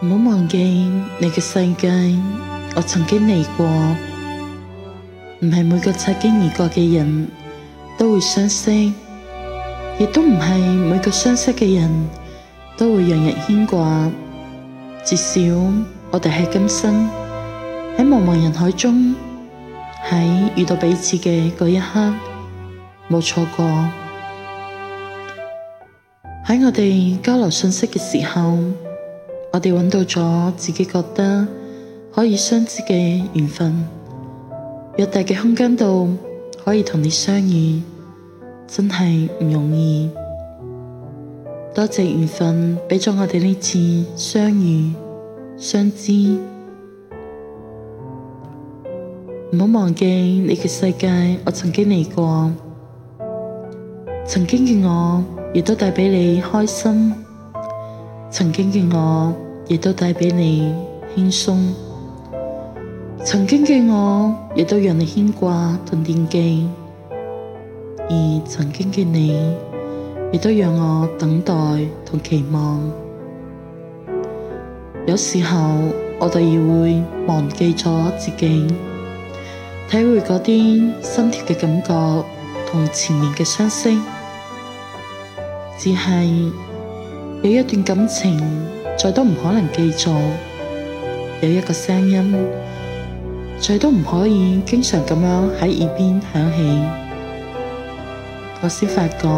唔好忘記你嘅世界，我曾經嚟過。唔係每個擦肩而過嘅人都會相識，亦都唔係每個相識嘅人都會讓人，人牽掛。至少我哋喺今生喺茫茫人海中喺遇到彼此嘅嗰一刻，冇錯過。喺我哋交流信息嘅時候，我哋揾到咗自己覺得可以相知嘅緣分，偌大嘅空間度可以同你相遇，真係唔容易。多謝緣分畀咗我哋呢次相遇相知，唔好忘記你嘅世界我曾經嚟過，曾經嘅我亦都帶畀你開心。曾經嘅我亦都帶畀你輕鬆，曾經嘅我亦都讓你牽掛同惦記，而曾經嘅你亦都讓我等待同期望。有時候我突然會忘記咗自己，體會嗰啲心跳嘅感覺同前面嘅相識，只係。有一段感情，再都唔可能繼續；有一個聲音，再都唔可以經常咁樣喺耳邊響起。我先發覺，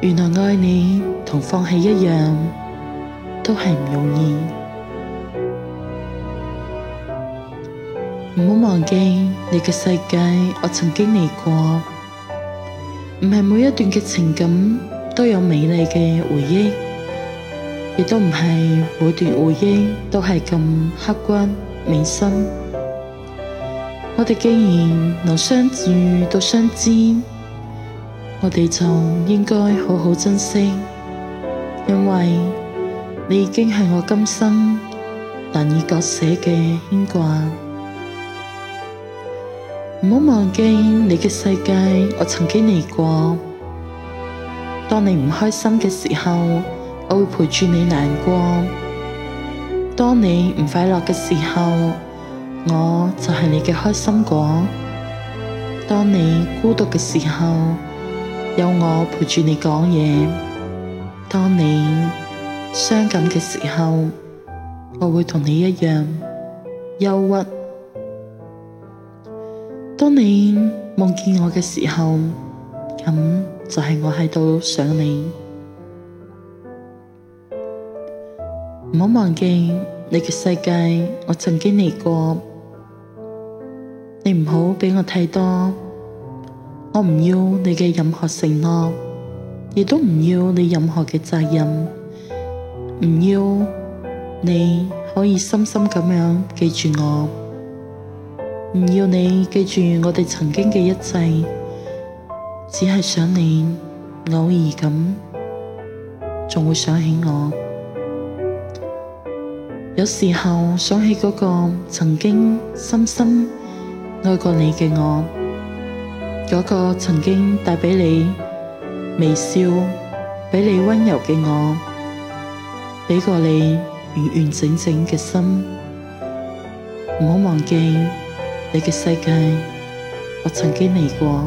原來愛你同放棄一樣，都係唔容易。唔好忘記你嘅世界，我曾經嚟過。唔係每一段嘅情感，都有美麗嘅回憶，亦都唔係每段回憶都係咁刻骨銘心，我哋既然能相遇到相知，我哋就應該好好珍惜，因為你已經係我今生難以割捨嘅牽掛。唔好忘記你嘅世界，我曾經嚟過。當你唔開心嘅時候，我會陪住你難過；當你唔快樂嘅時候，我就係你嘅開心果；當你孤獨嘅時候，有我陪住你講嘢；當你傷感嘅時候，我會同你一樣憂鬱；當你夢見我嘅時候，咁。就係我喺度想你。唔好忘記你嘅世界，我曾經嚟過。你唔好畀我太多，我唔要你嘅任何承諾，亦都唔要你任何嘅責任。唔要你可以深深咁樣記住我，唔要你記住我哋曾經嘅一切。只係想你偶，偶爾咁仲會想起我。有時候想起嗰個曾經深深愛過你嘅我，嗰、嗰個曾經帶畀你微笑、畀你溫柔嘅我，畀過你完完整整嘅心。唔好忘記你嘅世界，我曾經嚟過。